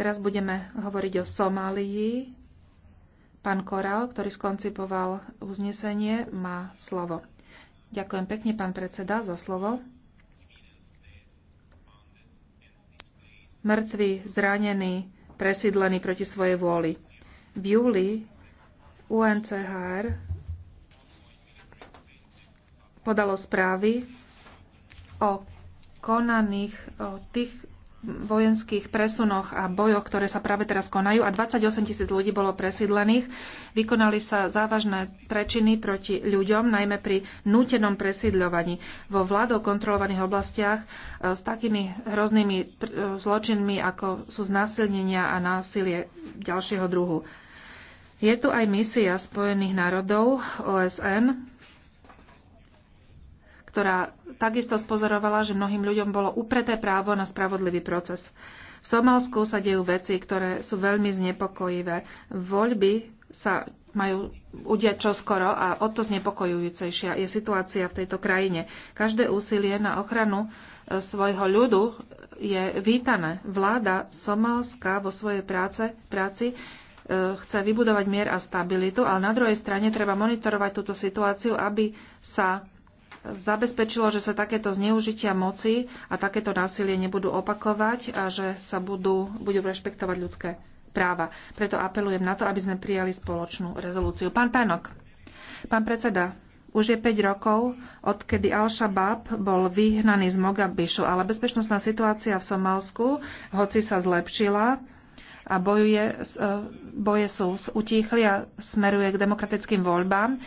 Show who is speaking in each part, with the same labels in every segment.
Speaker 1: Teraz budeme hovoriť o Somálii. Pán Korál, ktorý skoncipoval uznesenie, má slovo. Ďakujem pekne, pán predseda, za slovo. Mŕtvi, zranení, presídlení proti svojej vôli. V júli UNCHR podalo správy o konaných o tých vojenských presunoch a bojoch, ktoré sa práve teraz konajú a 28 tisíc ľudí bolo presídlených. Vykonali sa závažné prečiny proti ľuďom, najmä pri nútenom presídľovaní. Vo vládou kontrolovaných oblastiach eh, s takými hroznými eh, zločinmi, ako sú znásilnenia a násilie ďalšieho druhu. Je tu aj misia Spojených národov OSN, ktorá takisto spozorovala, že mnohým ľuďom bolo upreté právo na spravodlivý proces. V Somálsku sa dejú veci, ktoré sú veľmi znepokojivé. Voľby sa majú udiať čoskoro a o to znepokojujúcejšia je situácia v tejto krajine. Každé úsilie na ochranu e, svojho ľudu je vítané. Vláda Somálska vo svojej práce, práci e, chce vybudovať mier a stabilitu, ale na druhej strane treba monitorovať túto situáciu, aby sa zabezpečilo, že sa takéto zneužitia moci a takéto násilie nebudú opakovať a že sa budú, budú rešpektovať ľudské práva. Preto apelujem na to, aby sme prijali spoločnú rezolúciu. Pán Tanok, pán predseda, už je 5 rokov, odkedy Al-Shabaab bol vyhnaný z Mogabišu, ale bezpečnostná situácia v Somálsku, hoci sa zlepšila a bojuje, eh, boje sú utíchli a smeruje k demokratickým voľbám,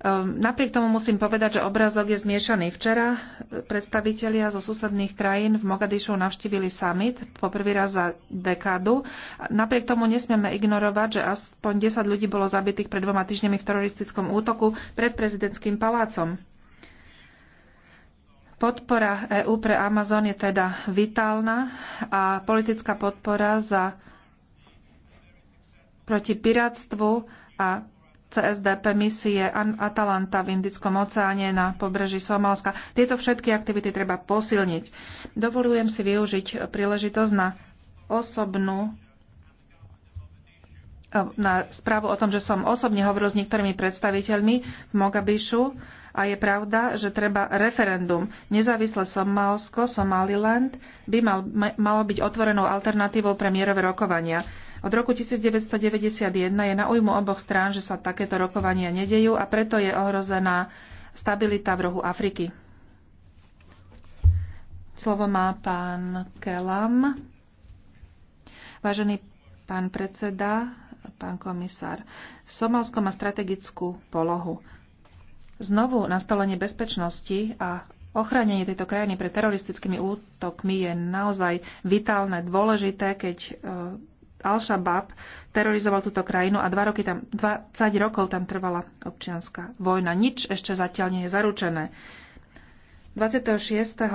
Speaker 1: Ehm, napriek tomu musím povedať, že obrazok je zmiešaný. Včera predstavitelia zo susedných krajín v Mogadišu navštívili summit poprvý raz za dekádu. Napriek tomu nesmieme ignorovať, že aspoň 10 ľudí bolo zabitých pred dvoma týždňami v teroristickom útoku pred prezidentským palácom. Podpora EÚ pre Amazon je teda vitálna a politická podpora za proti piráctvu a CSDP misie Atalanta v Indickom oceáne na pobreží Somálska. Tieto všetky aktivity treba posilniť. Dovolujem si využiť príležitosť na osobnú na správu o tom, že som osobne hovoril s niektorými predstaviteľmi v Mogabišu a je pravda, že treba referendum. Nezávislé Somálsko, Somaliland by mal, malo byť otvorenou alternatívou pre mierové rokovania. Od roku 1991 je na ujmu oboch strán, že sa takéto rokovania nedejú a preto je ohrozená stabilita v rohu Afriky. Slovo má pán Kelam. Vážený pán predseda, pán komisár, v Somálsko má strategickú polohu. Znovu nastolenie bezpečnosti a ochránenie tejto krajiny pred teroristickými útokmi je naozaj vitálne dôležité, keď e, Al-Shabaab terorizoval túto krajinu a dva roky tam, 20 rokov tam trvala občianská vojna. Nič ešte zatiaľ nie je zaručené. 26.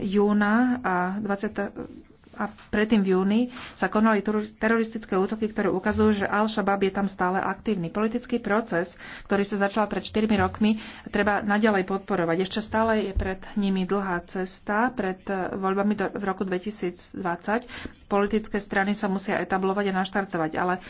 Speaker 1: júna a 20 a predtým v júni sa konali teroristické útoky, ktoré ukazujú, že Al-Shabaab je tam stále aktívny. Politický proces, ktorý sa začal pred 4 rokmi, treba naďalej podporovať. Ešte stále je pred nimi dlhá cesta, pred eh, voľbami do, v roku 2020. Politické strany sa musia etablovať a naštartovať, ale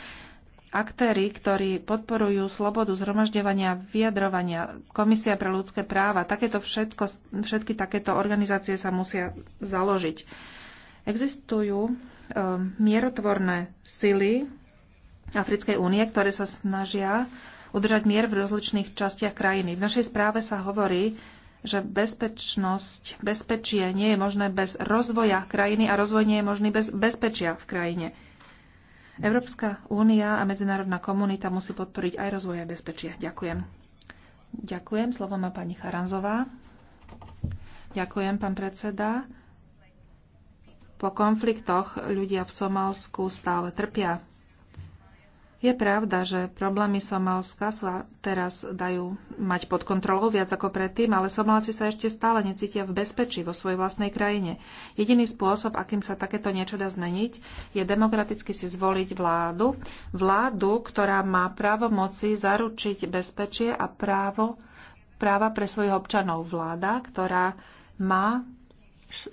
Speaker 1: aktéry, ktorí podporujú slobodu zhromažďovania, vyjadrovania, Komisia pre ľudské práva, takéto všetko, všetky takéto organizácie sa musia založiť Existujú um, mierotvorné sily Africkej únie, ktoré sa snažia udržať mier v rozličných častiach krajiny. V našej správe sa hovorí, že bezpečnosť, bezpečie nie je možné bez rozvoja krajiny a rozvoj nie je možný bez bezpečia v krajine. Európska únia a medzinárodná komunita musí podporiť aj rozvoj a bezpečie. Ďakujem. Ďakujem. Slovo má pani Charanzová. Ďakujem, pán predseda. Po konfliktoch ľudia v Somálsku stále trpia. Je pravda, že problémy Somálska sa teraz dajú mať pod kontrolou viac ako predtým, ale Somálci sa ešte stále necítia v bezpečí vo svojej vlastnej krajine. Jediný spôsob, akým sa takéto niečo dá zmeniť, je demokraticky si zvoliť vládu. Vládu, ktorá má právo moci zaručiť bezpečie a právo, práva pre svojich občanov. Vláda, ktorá má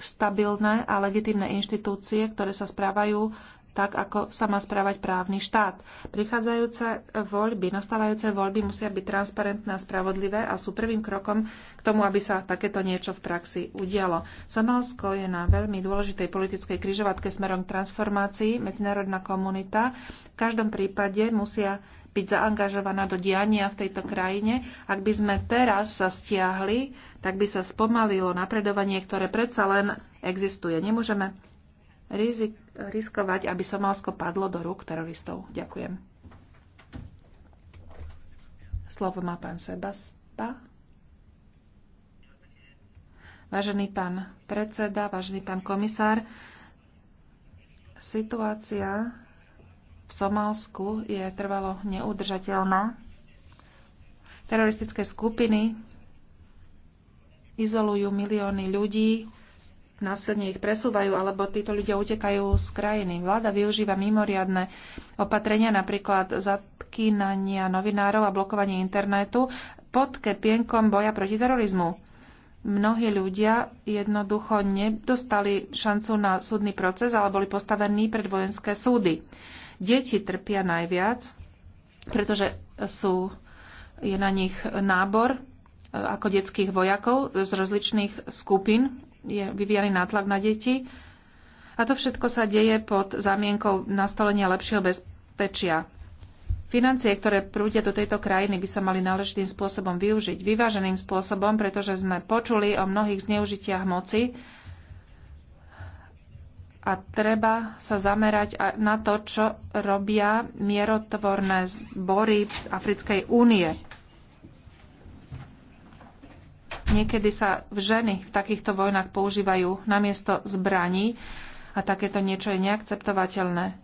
Speaker 1: stabilné a legitimné inštitúcie, ktoré sa správajú tak, ako sa má správať právny štát. Prichádzajúce voľby, nastávajúce voľby musia byť transparentné a spravodlivé a sú prvým krokom k tomu, aby sa takéto niečo v praxi udialo. Somalsko je na veľmi dôležitej politickej križovatke smerom k transformácii. Medzinárodná komunita v každom prípade musia byť zaangažovaná do diania v tejto krajine. Ak by sme teraz sa stiahli, tak by sa spomalilo napredovanie, ktoré predsa len existuje. Nemôžeme rizik, riskovať, aby Somálsko padlo do rúk teroristov. Ďakujem. Slovo má pán Sebasta. Vážený pán predseda, vážený pán komisár, situácia v Somálsku je trvalo neudržateľná. Teroristické skupiny izolujú milióny ľudí, následne ich presúvajú, alebo títo ľudia utekajú z krajiny. Vláda využíva mimoriadne opatrenia, napríklad zatkínania novinárov a blokovanie internetu pod kepienkom boja proti terorizmu. Mnohí ľudia jednoducho nedostali šancu na súdny proces, ale boli postavení pred vojenské súdy. Deti trpia najviac, pretože sú, je na nich nábor e, ako detských vojakov z rozličných skupín. Je vyvíjaný nátlak na deti. A to všetko sa deje pod zamienkou nastolenia lepšieho bezpečia. Financie, ktoré prúdia do tejto krajiny, by sa mali náležitým spôsobom využiť, vyváženým spôsobom, pretože sme počuli o mnohých zneužitiach moci a treba sa zamerať na to, čo robia mierotvorné zbory Africkej únie. Niekedy sa v ženy v takýchto vojnách používajú namiesto zbraní a takéto niečo je neakceptovateľné.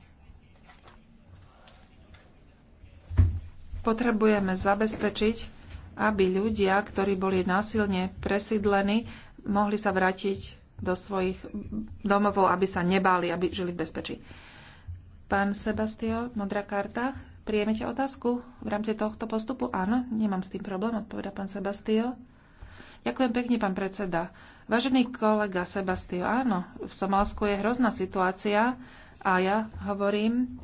Speaker 1: Potrebujeme zabezpečiť, aby ľudia, ktorí boli násilne presídlení, mohli sa vrátiť do svojich domovov, aby sa nebáli, aby žili v bezpečí. Pán Sebastio, modrá karta. Prijemete otázku v rámci tohto postupu? Áno, nemám s tým problém, odpoveda pán Sebastio. Ďakujem pekne, pán predseda. Vážený kolega Sebastio, áno, v Somálsku je hrozná situácia a ja hovorím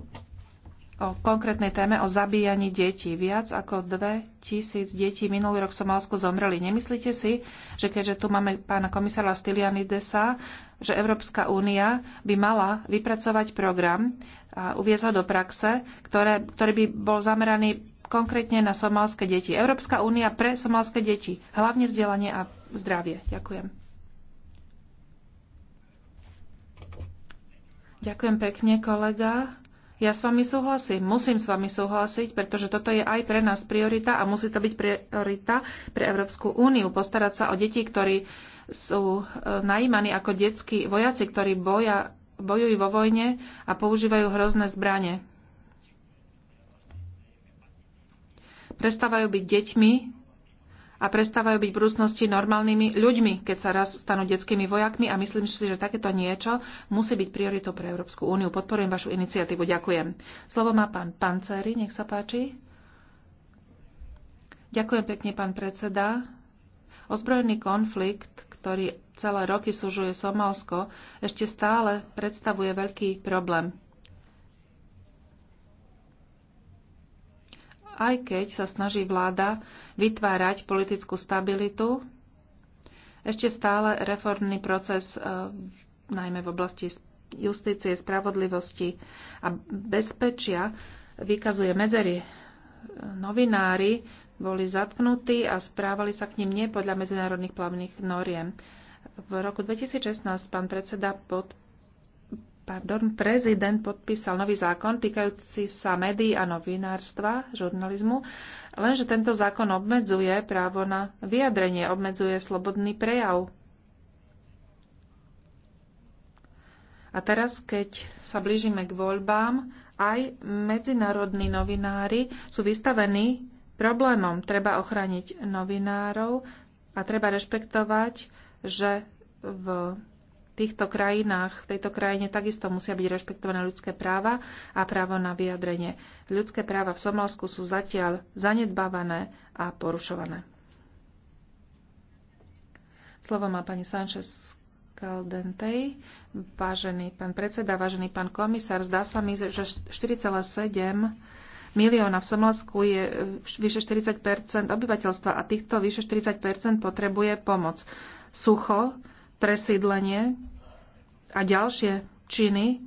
Speaker 1: o konkrétnej téme o zabíjaní detí. Viac ako 2000 detí minulý rok v Somálsku zomreli. Nemyslíte si, že keďže tu máme pána komisára Stylianidesa, že Európska únia by mala vypracovať program a uviezť ho do praxe, ktoré, ktorý by bol zameraný konkrétne na somálske deti. Európska únia pre somálske deti. Hlavne vzdelanie a zdravie. Ďakujem. Ďakujem pekne, kolega. Ja s vami súhlasím, musím s vami súhlasiť, pretože toto je aj pre nás priorita a musí to byť priorita pre Európsku úniu. Postarať sa o deti, ktorí sú e, najímaní ako detskí vojaci, ktorí boja, bojujú vo vojne a používajú hrozné zbranie. Prestávajú byť deťmi a prestávajú byť v budúcnosti normálnymi ľuďmi, keď sa raz stanú detskými vojakmi a myslím si, že takéto niečo musí byť prioritou pre Európsku úniu. Podporujem vašu iniciatívu. Ďakujem. Slovo má pán Pancery, nech sa páči. Ďakujem pekne, pán predseda. Ozbrojený konflikt, ktorý celé roky súžuje Somálsko, ešte stále predstavuje veľký problém aj keď sa snaží vláda vytvárať politickú stabilitu, ešte stále reformný proces, e, najmä v oblasti justície, spravodlivosti a bezpečia, vykazuje medzery. E, novinári boli zatknutí a správali sa k ním nie podľa medzinárodných plavných noriem. V roku 2016 pán predseda podpísal pardon, prezident podpísal nový zákon týkajúci sa médií a novinárstva, žurnalizmu, lenže tento zákon obmedzuje právo na vyjadrenie, obmedzuje slobodný prejav. A teraz, keď sa blížime k voľbám, aj medzinárodní novinári sú vystavení problémom. Treba ochrániť novinárov a treba rešpektovať, že v týchto krajinách, v tejto krajine takisto musia byť rešpektované ľudské práva a právo na vyjadrenie. Ľudské práva v Somálsku sú zatiaľ zanedbávané a porušované. Slovo má pani Sanchez Caldentej. Vážený pán predseda, vážený pán komisár, zdá sa mi, že 4,7 milióna v Somalsku je e, vyše 40 obyvateľstva a týchto vyše 40 potrebuje pomoc. Sucho, presídlenie, a ďalšie činy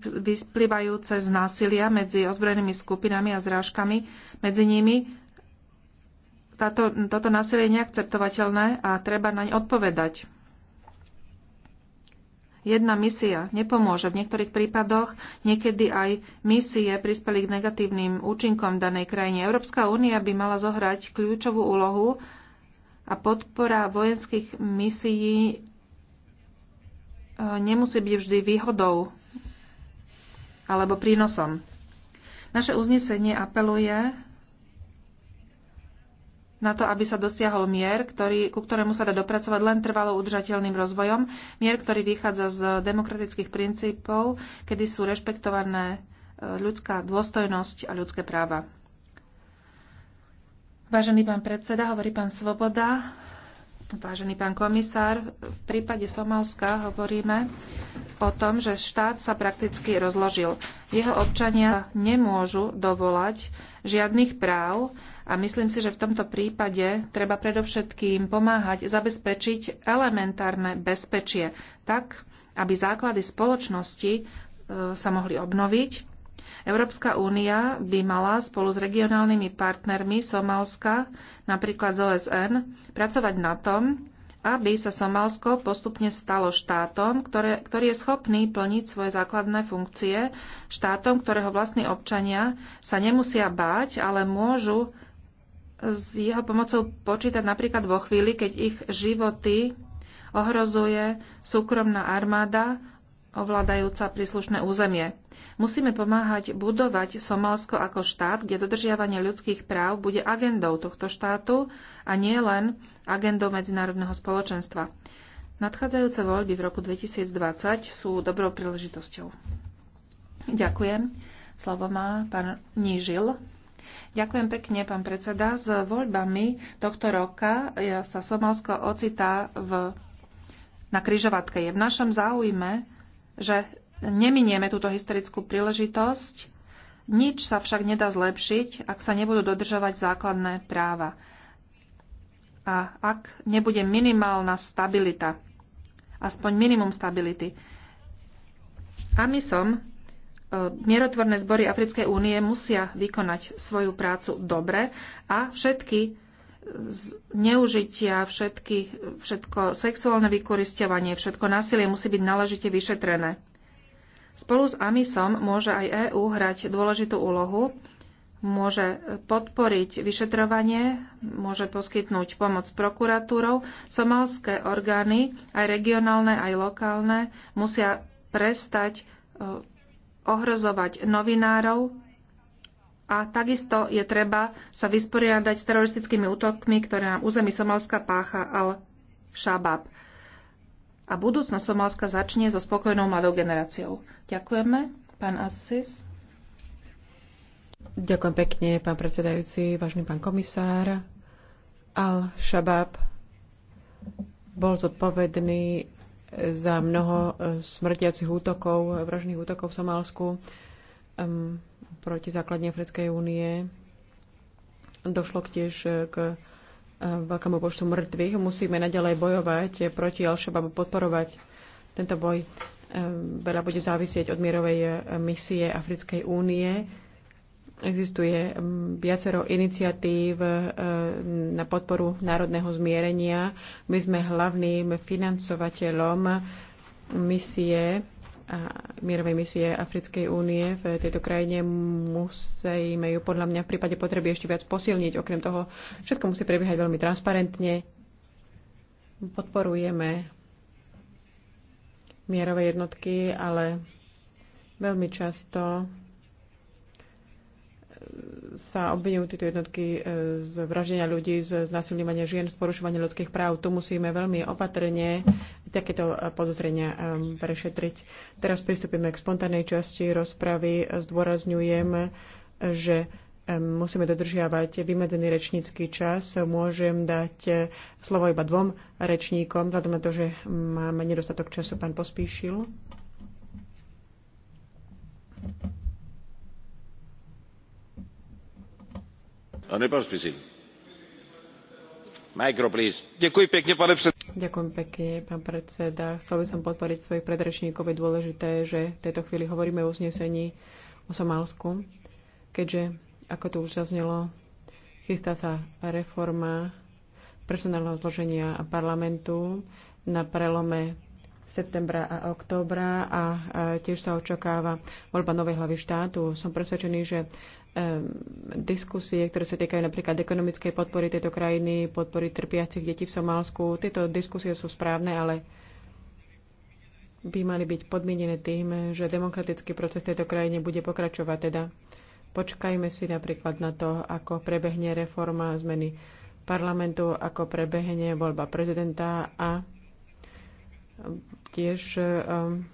Speaker 1: vysplývajúce z násilia medzi ozbrojenými skupinami a zrážkami medzi nimi. Táto, toto násilie je neakceptovateľné a treba naň odpovedať. Jedna misia nepomôže. V niektorých prípadoch niekedy aj misie prispeli k negatívnym účinkom v danej krajine. Európska únia by mala zohrať kľúčovú úlohu a podpora vojenských misií nemusí byť vždy výhodou alebo prínosom. Naše uznesenie apeluje na to, aby sa dosiahol mier, ktorý, ku ktorému sa dá dopracovať len trvalo udržateľným rozvojom. Mier, ktorý vychádza z demokratických princípov, kedy sú rešpektované e, ľudská dôstojnosť a ľudské práva. Vážený pán predseda, hovorí pán Svoboda, Vážený pán komisár, v prípade Somalska hovoríme o tom, že štát sa prakticky rozložil. Jeho občania nemôžu dovolať žiadnych práv a myslím si, že v tomto prípade treba predovšetkým pomáhať zabezpečiť elementárne bezpečie tak, aby základy spoločnosti e, sa mohli obnoviť Európska únia by mala spolu s regionálnymi partnermi Somálska, napríklad z OSN, pracovať na tom, aby sa Somálsko postupne stalo štátom, ktoré, ktorý je schopný plniť svoje základné funkcie, štátom, ktorého vlastní občania sa nemusia báť, ale môžu s jeho pomocou počítať napríklad vo chvíli, keď ich životy ohrozuje súkromná armáda ovládajúca príslušné územie. Musíme pomáhať budovať Somálsko ako štát, kde dodržiavanie ľudských práv bude agendou tohto štátu a nie len agendou medzinárodného spoločenstva. Nadchádzajúce voľby v roku 2020 sú dobrou príležitosťou. Ďakujem. Slovo má pán Nížil. Ďakujem pekne, pán predseda. S voľbami tohto roka sa Somalsko ocitá v, na kryžovatke. Je v našom záujme, že Neminieme túto historickú príležitosť. Nič sa však nedá zlepšiť, ak sa nebudú dodržovať základné práva a ak nebude minimálna stabilita, aspoň minimum stability. A my som e, mierotvorné zbory Africkej únie musia vykonať svoju prácu dobre a všetky e, neužitia, všetky, všetko sexuálne vykoristovanie, všetko násilie musí byť náležite vyšetrené. Spolu s AMISom môže aj EÚ hrať dôležitú úlohu, môže podporiť vyšetrovanie, môže poskytnúť pomoc prokuratúrou. Somalské orgány, aj regionálne, aj lokálne, musia prestať e, ohrozovať novinárov a takisto je treba sa vysporiadať s teroristickými útokmi, ktoré nám území Somalska pácha Al-Shabaab a budúcna Somálska začne so spokojnou mladou generáciou. Ďakujeme,
Speaker 2: pán Assis. Ďakujem pekne, pán predsedajúci, vážny pán komisár. Al-Shabaab bol zodpovedný za mnoho eh, smrtiacich útokov, vražných útokov v Somálsku um, proti základne Africkej únie. Došlo tiež eh, k veľkému počtu mŕtvych. Musíme naďalej bojovať proti al podporovať tento boj. Veľa bude závisieť od mierovej eh, misie Africkej únie. Existuje viacero iniciatív eh, na podporu národného zmierenia. My sme hlavným financovateľom misie a mierovej misie Africkej únie v tejto krajine. Musíme ju podľa mňa v prípade potreby ešte viac posilniť. Okrem toho, všetko musí prebiehať veľmi transparentne. Podporujeme mierové jednotky, ale veľmi často sa obvinujú tieto jednotky e, z vraždenia ľudí, z násilňovania žien, z porušovania ľudských práv. Tu musíme veľmi opatrne takéto e, podozrenia e, prešetriť. Teraz pristúpime k spontánnej časti rozpravy. Zdôrazňujem, že musíme dodržiavať vymedzený rečnícky čas. Môžem dať slovo iba dvom rečníkom, vzhľadom na to, že máme nedostatok času. Pán Pospíšil. Ďakujem pekne, pán predseda. Chcel by som podporiť svojich predrečníkov. Je dôležité, že v tejto chvíli hovoríme o uznesení o Somálsku, keďže, ako tu už zaznelo, chystá sa reforma personálneho zloženia parlamentu na prelome septembra a októbra a tiež sa očakáva voľba novej hlavy štátu. Som presvedčený, že diskusie, ktoré sa týkajú napríklad ekonomickej podpory tejto krajiny, podpory trpiacich detí v Somálsku. Tieto diskusie sú správne, ale by mali byť podmienené tým, že demokratický proces tejto krajine bude pokračovať. Teda počkajme si napríklad na to, ako prebehne reforma zmeny parlamentu, ako prebehne voľba prezidenta a tiež um,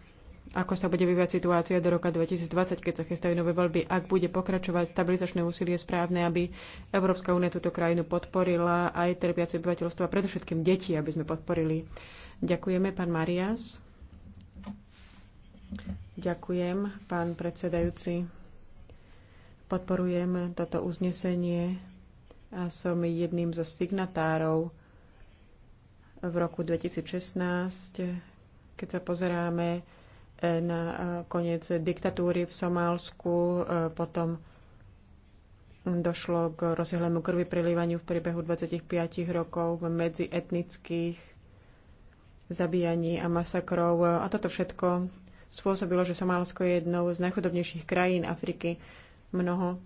Speaker 2: ako sa bude vyvíjať situácia do roka 2020, keď sa chystajú nové voľby. Ak bude pokračovať stabilizačné úsilie správne, aby Európska únia túto krajinu podporila, aj trpiace obyvateľstvo a predovšetkým deti, aby sme podporili. Ďakujeme, pán Marias. Ďakujem, pán predsedajúci. Podporujem toto uznesenie a som jedným zo signatárov v roku 2016, keď sa pozeráme E, na e, koniec diktatúry v Somálsku, e, potom došlo k rozsiahlému krvi prilívaniu v priebehu 25 rokov medzi etnických zabíjaní a masakrov. A toto všetko spôsobilo, že Somálsko je jednou z najchudobnejších krajín Afriky. Mnoho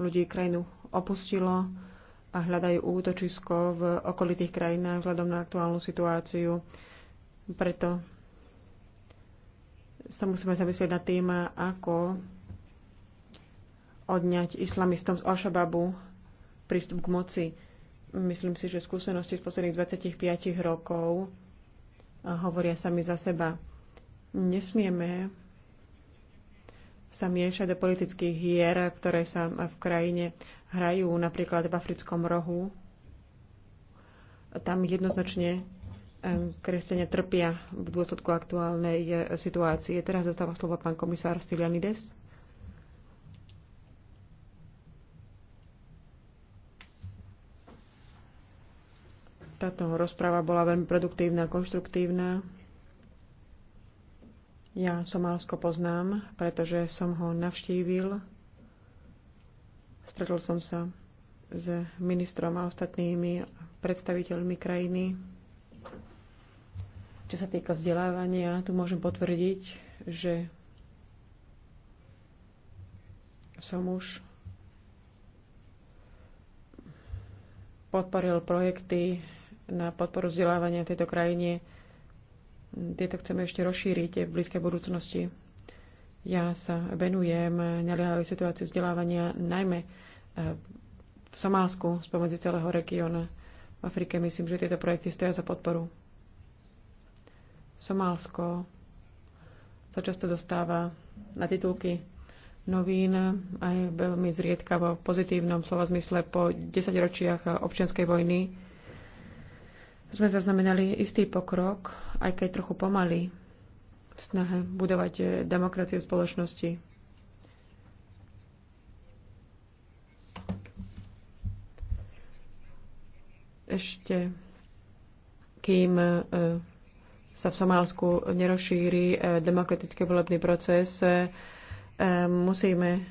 Speaker 2: ľudí krajinu opustilo a hľadajú útočisko v okolitých krajinách vzhľadom na aktuálnu situáciu. Preto sa musíme zamyslieť nad tým, ako odňať islamistom z Al-Shababu prístup k moci. Myslím si, že skúsenosti z posledných 25 rokov hovoria sami za seba. Nesmieme sa miešať do politických hier, ktoré sa v krajine hrajú, napríklad v africkom rohu. Tam jednoznačne kresťania trpia v dôsledku aktuálnej eh, situácie. Teraz zastáva slovo pán komisár Stylianides. Táto rozpráva bola veľmi produktívna, konštruktívna. Ja Somálsko poznám, pretože som ho navštívil. Stretol som sa s ministrom a ostatnými predstaviteľmi krajiny čo sa týka vzdelávania, tu môžem potvrdiť, že som už podporil projekty na podporu vzdelávania tejto krajine. Tieto chceme ešte rozšíriť v blízkej budúcnosti. Ja sa venujem naliehavej situácii vzdelávania najmä e, v Somálsku spomedzi celého regióna. V Afrike myslím, že tieto projekty stoja za podporu. Somálsko sa často dostáva na titulky novín aj veľmi zriedka v pozitívnom slova zmysle po 10 ročiach občianskej vojny sme zaznamenali istý pokrok, aj keď trochu pomaly, v snahe budovať demokraciu v spoločnosti. Ešte kým eh, sa v Somálsku nerozšíri e, demokratický volebný proces, e, e, musíme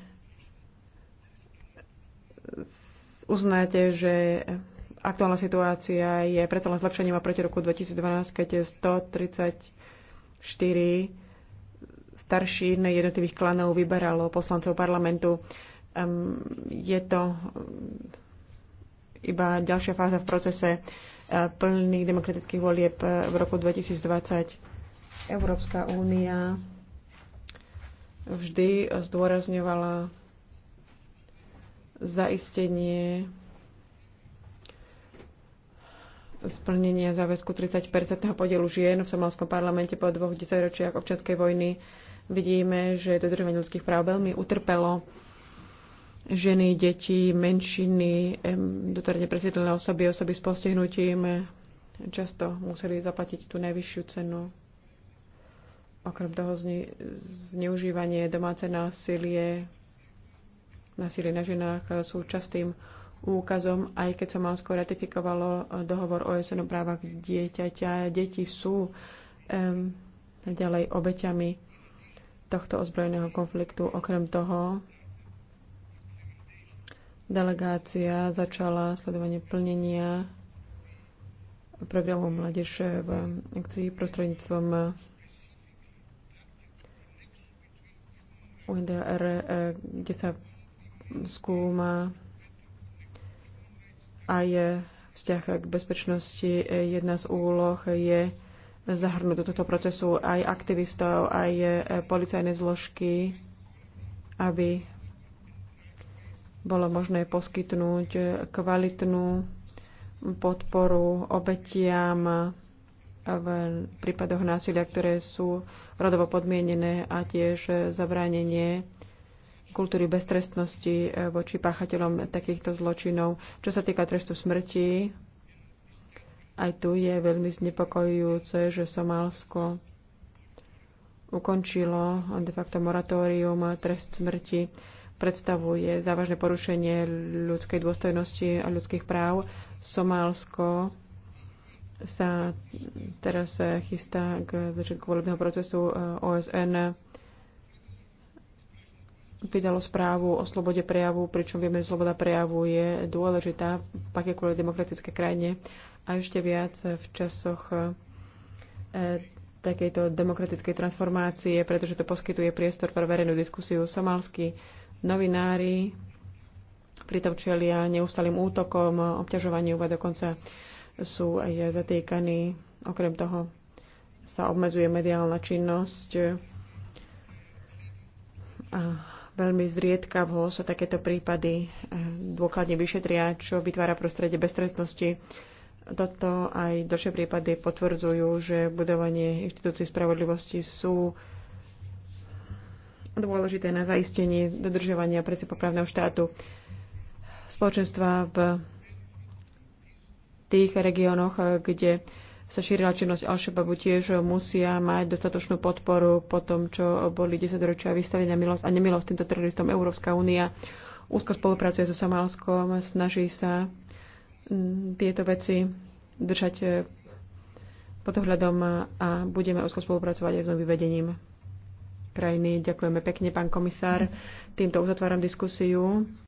Speaker 2: uznať, že aktuálna situácia je preto len zlepšením oproti roku 2012, keď je 134 starší jednotlivých klanov vyberalo poslancov parlamentu. Je to iba ďalšia fáza v procese plných demokratických volieb e, v roku 2020. Európska únia vždy zdôrazňovala zaistenie splnenia záväzku 30 podielu žien v somalskom parlamente po dvoch desaťročiach občianskej vojny vidíme, že dodržovanie ľudských práv veľmi utrpelo ženy, deti, menšiny, doterajne presiedlené osoby, osoby s postihnutím často museli zaplatiť tú najvyššiu cenu. Okrem toho zneužívanie, domáce násilie, násilie na ženách sú častým úkazom, aj keď sa Malsko ratifikovalo dohovor o o právach dieťaťa. Deti sú um, ďalej obeťami tohto ozbrojeného konfliktu. Okrem toho Delegácia začala sledovanie plnenia programu Mládež v akcii prostredníctvom UNDR, eh, kde sa skúma aj vzťah k bezpečnosti. Jedna z úloh je zahrnúť do tohto procesu aj aktivistov, aj eh, policajné zložky, aby bolo možné poskytnúť kvalitnú podporu obetiam v prípadoch násilia, ktoré sú rodovo podmienené a tiež zabránenie kultúry beztrestnosti voči páchateľom takýchto zločinov. Čo sa týka trestu smrti, aj tu je veľmi znepokojujúce, že Somálsko ukončilo de facto moratórium trest smrti predstavuje závažné porušenie ľudskej dôstojnosti a ľudských práv. Somálsko sa teraz chystá k začiatku volebného procesu eh, OSN vydalo správu o slobode prejavu, pričom vieme, že sloboda prejavu je dôležitá v akékoľvek demokratické krajine a ešte viac eh, v časoch e, takejto demokratickej transformácie, pretože to poskytuje priestor pre verejnú diskusiu. Somalský novinári pritom čelia neustalým útokom, obťažovaniu, a dokonca sú aj zatýkaní. Okrem toho sa obmedzuje mediálna činnosť a veľmi zriedkavo sa takéto prípady eh, dôkladne vyšetria, čo vytvára prostredie beztrestnosti. Toto aj ďalšie prípady potvrdzujú, že budovanie inštitúcií spravodlivosti sú dôležité na zaistenie dodržovania princípov právneho štátu spoločenstva v tých regiónoch, kde sa šírila činnosť Al-Shababu, tiež musia mať dostatočnú podporu po tom, čo boli 10 ročia vystavenia milosť a nemilosť týmto teroristom. Európska únia úzko spolupracuje so Somálskom, snaží sa mm, tieto veci držať eh, pod ohľadom a budeme úzko spolupracovať aj s novým vedením krajiny. Ďakujeme pekne, pán komisár. Týmto uzatváram diskusiu.